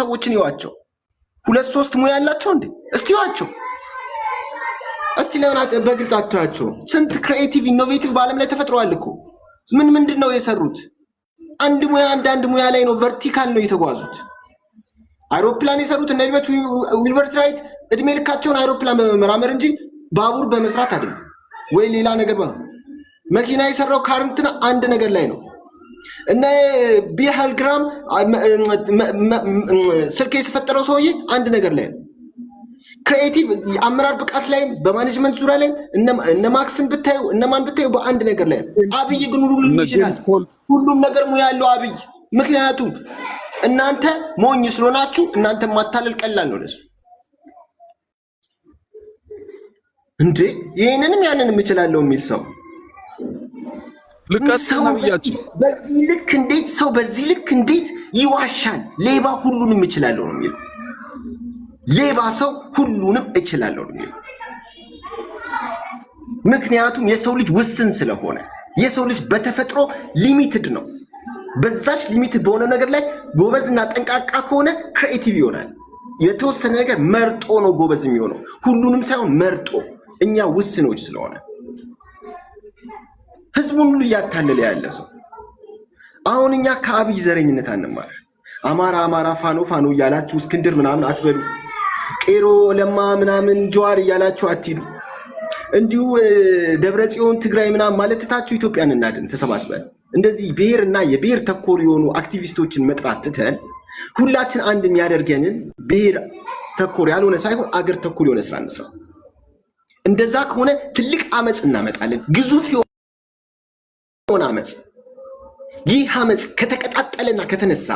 ሰዎችን ይዋቸው። ሁለት ሶስት ሙያ ያላቸው እንዴ? እስቲ ይዋቸው። እስቲ ለምን በግልጽ አትያቸው? ስንት ክሪኤቲቭ ኢኖቬቲቭ በዓለም ላይ ተፈጥረዋል እኮ ምን ምንድን ነው የሰሩት? አንድ ሙያ አንድ አንድ ሙያ ላይ ነው ቨርቲካል ነው የተጓዙት። አይሮፕላን የሰሩት እነ ልበት ዊልበርት ራይት እድሜ ልካቸውን አይሮፕላን በመመራመር እንጂ ባቡር በመስራት አይደለም ወይ ሌላ ነገር። መኪና የሰራው ካርንትና አንድ ነገር ላይ ነው። ቢሃል ግራም ስልክ የተፈጠረው ሰውዬ አንድ ነገር ላይ ክሪኤቲቭ የአመራር ብቃት ላይ በማኔጅመንት ዙሪያ ላይ እነ ማክስን ብታዩ እነማን ብታዩ በአንድ ነገር ላይ አብይ ግን ሁሉም ነገር ሙያ ያለው አብይ። ምክንያቱም እናንተ ሞኝ ስለሆናችሁ እናንተ ማታለል ቀላል ነው ለሱ። እንዴ ይህንንም ያንንም እችላለሁ የሚል ሰው ልቀጥና በዚህ ልክ እንዴት ሰው በዚህ ልክ እንዴት ይዋሻል? ሌባ ሁሉንም እችላለሁ ነው የሚለው። ሌባ ሰው ሁሉንም እችላለሁ ነው የሚለው። ምክንያቱም የሰው ልጅ ውስን ስለሆነ የሰው ልጅ በተፈጥሮ ሊሚትድ ነው። በዛች ሊሚትድ በሆነ ነገር ላይ ጎበዝና ጠንቃቃ ከሆነ ክሬኤቲቭ ይሆናል። የተወሰነ ነገር መርጦ ነው ጎበዝ የሚሆነው፣ ሁሉንም ሳይሆን መርጦ። እኛ ውስኖች ስለሆነ ህዝቡን ሁሉ እያታለለ ያለ ሰው አሁን እኛ ከአብይ ዘረኝነት አንማር። አማራ አማራ ፋኖ ፋኖ እያላችሁ እስክንድር ምናምን አትበሉ። ቄሮ ለማ ምናምን ጀዋር እያላችሁ አትሂዱ። እንዲሁ ደብረ ጽዮን ትግራይ ምናምን ማለት ትታችሁ ኢትዮጵያን እናድን ተሰባስበን እንደዚህ ብሔር እና የብሔር ተኮር የሆኑ አክቲቪስቶችን መጥራት ትተን ሁላችን አንድ የሚያደርገንን ብሔር ተኮር ያልሆነ ሳይሆን አገር ተኮር የሆነ ስራ እንስራ። እንደዛ ከሆነ ትልቅ አመፅ እናመጣለን ግዙፍ ሆነ አመፅ ይህ አመፅ ከተቀጣጠለና ከተነሳ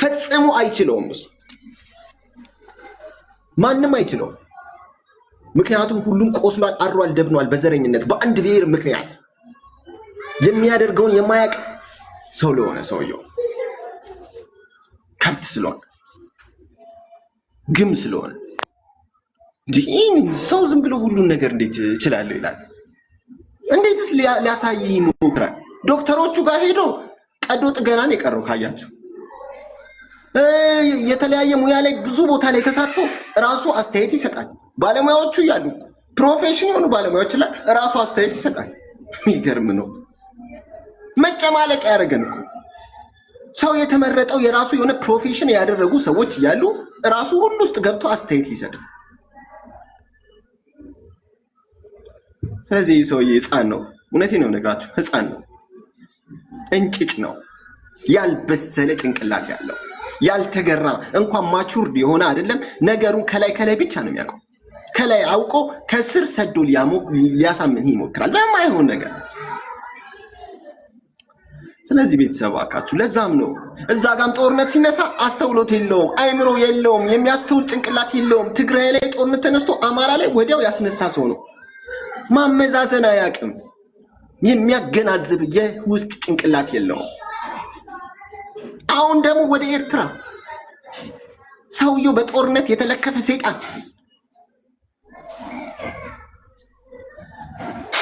ፈጽሞ አይችለውም። እሱ ማንም አይችለውም። ምክንያቱም ሁሉም ቆስሏል፣ አድሯል፣ ደብኗል። በዘረኝነት በአንድ ብሔር ምክንያት የሚያደርገውን የማያቅ ሰው ለሆነ ሰውየው ከብት ስለሆነ ግም ስለሆነ ይህን ሰው ዝም ብሎ ሁሉን ነገር እንዴት እችላለሁ ይላል። እንዴትስ ሊያሳይ ይሞክራል? ዶክተሮቹ ጋር ሄዶ ቀዶ ጥገናን የቀረው ካያችሁ የተለያየ ሙያ ላይ ብዙ ቦታ ላይ ተሳትፎ ራሱ አስተያየት ይሰጣል። ባለሙያዎቹ እያሉ ፕሮፌሽን የሆኑ ባለሙያዎች ላይ ራሱ አስተያየት ይሰጣል። የሚገርም ነው። መጨማለቅ ያደረገን እኮ ሰው የተመረጠው የራሱ የሆነ ፕሮፌሽን ያደረጉ ሰዎች እያሉ ራሱ ሁሉ ውስጥ ገብቶ አስተያየት ይሰጥ ስለዚህ ይህ ሰውዬ ህፃን ነው። እውነቴ ነው ነግራችሁ፣ ህፃን ነው፣ እንጭጭ ነው፣ ያልበሰለ ጭንቅላት ያለው ያልተገራ እንኳን ማቹርድ የሆነ አይደለም። ነገሩን ከላይ ከላይ ብቻ ነው የሚያውቀው። ከላይ አውቆ ከስር ሰዶ ሊያሳምን ይሞክራል በማይሆን ነገር። ስለዚህ ቤተሰብ አካችሁ ለዛም ነው እዛ ጋም ጦርነት ሲነሳ አስተውሎት የለውም፣ አይምሮ የለውም፣ የሚያስተውል ጭንቅላት የለውም። ትግራይ ላይ ጦርነት ተነስቶ አማራ ላይ ወዲያው ያስነሳ ሰው ነው። ማመዛዘን አያውቅም። የሚያገናዝብ የውስጥ ጭንቅላት የለውም። አሁን ደግሞ ወደ ኤርትራ ሰውየው በጦርነት የተለከፈ ሴጣን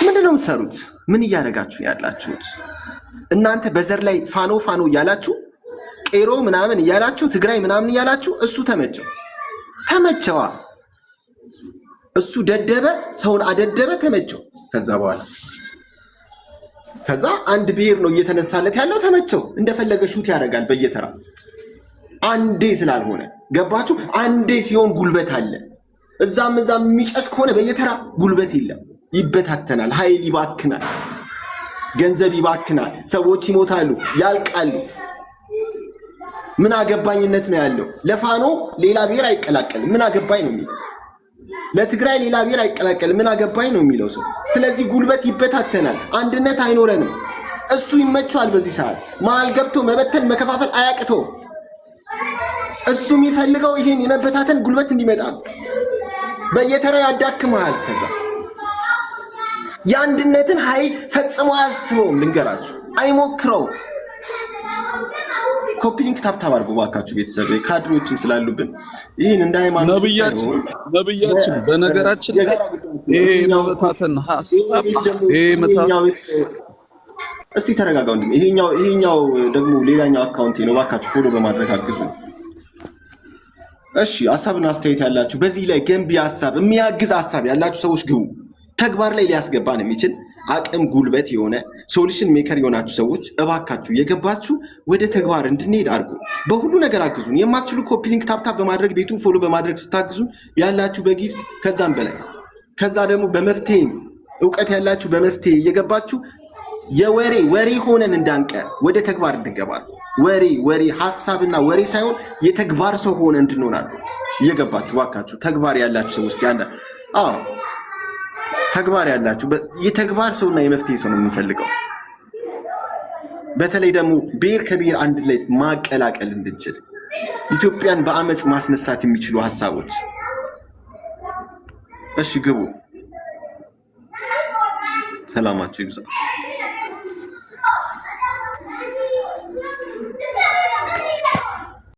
ምንድን ነው የምትሰሩት? ምን እያደረጋችሁ ያላችሁት? እናንተ በዘር ላይ ፋኖ ፋኖ እያላችሁ ቄሮ ምናምን እያላችሁ ትግራይ ምናምን እያላችሁ እሱ ተመቸው ተመቸዋ እሱ ደደበ፣ ሰውን አደደበ፣ ተመቸው። ከዛ በኋላ ከዛ አንድ ብሔር ነው እየተነሳለት ያለው ተመቸው። እንደፈለገ ሹት ያደርጋል በየተራ አንዴ ስላልሆነ ገባችሁ? አንዴ ሲሆን ጉልበት አለ። እዛም እዛም የሚጨስ ከሆነ በየተራ ጉልበት የለም፣ ይበታተናል፣ ኃይል ይባክናል፣ ገንዘብ ይባክናል፣ ሰዎች ይሞታሉ፣ ያልቃሉ። ምን አገባኝነት ነው ያለው። ለፋኖ ሌላ ብሔር አይቀላቀልም። ምን አገባኝ ነው የሚለው ለትግራይ ሌላ ብሔር አይቀላቀል ምን አገባኝ ነው የሚለው ሰው። ስለዚህ ጉልበት ይበታተናል፣ አንድነት አይኖረንም። እሱ ይመቸዋል። በዚህ ሰዓት መሀል ገብቶ መበተን መከፋፈል አያቅተው። እሱ የሚፈልገው ይህን የመበታተን ጉልበት እንዲመጣ በየተራ ያዳክመሃል። ከዛ የአንድነትን ኃይል ፈጽሞ አያስበውም። ልንገራችሁ፣ አይሞክረው ኮፒሊንክ ታብታብ አድርጉ እባካችሁ ቤተሰብ፣ ካድሬዎችም ስላሉብን ይህን እንደ ሃይማኖት ነብያችን። በነገራችን ላይ ይሄ መበታተን ሀሳብ ይሄ እስቲ ተረጋጋ ወንድም። ይሄኛው ይሄኛው ደግሞ ሌላኛው አካውንቴ ነው። እባካችሁ ፎሎ በማድረግ አግዙ። እሺ ሀሳብና አስተያየት ያላችሁ በዚህ ላይ ገንቢ ሀሳብ የሚያግዝ ሀሳብ ያላችሁ ሰዎች ግቡ። ተግባር ላይ ሊያስገባን የሚችል አቅም ጉልበት የሆነ ሶሉሽን ሜከር የሆናችሁ ሰዎች እባካችሁ የገባችሁ ወደ ተግባር እንድንሄድ አድርጉ። በሁሉ ነገር አግዙን። የማትችሉ ኮፒሊንክ ታፕታፕ በማድረግ ቤቱን ፎሎ በማድረግ ስታግዙ ያላችሁ በጊፍት ከዛም በላይ ከዛ ደግሞ በመፍትሄ እውቀት ያላችሁ በመፍትሄ እየገባችሁ የወሬ ወሬ ሆነን እንዳንቀ ወደ ተግባር እንድንገባል። ወሬ ወሬ ሀሳብና ወሬ ሳይሆን የተግባር ሰው ሆነ እንድንሆናሉ እየገባችሁ እባካችሁ ተግባር ያላችሁ ውስጥ ያለ ተግባር ያላችሁ የተግባር ሰውና የመፍትሄ ሰው ነው የምንፈልገው። በተለይ ደግሞ ብሔር ከብሔር አንድ ላይ ማቀላቀል እንድንችል ኢትዮጵያን በአመፅ ማስነሳት የሚችሉ ሀሳቦች። እሺ ግቡ። ሰላማችሁ ይብዛል።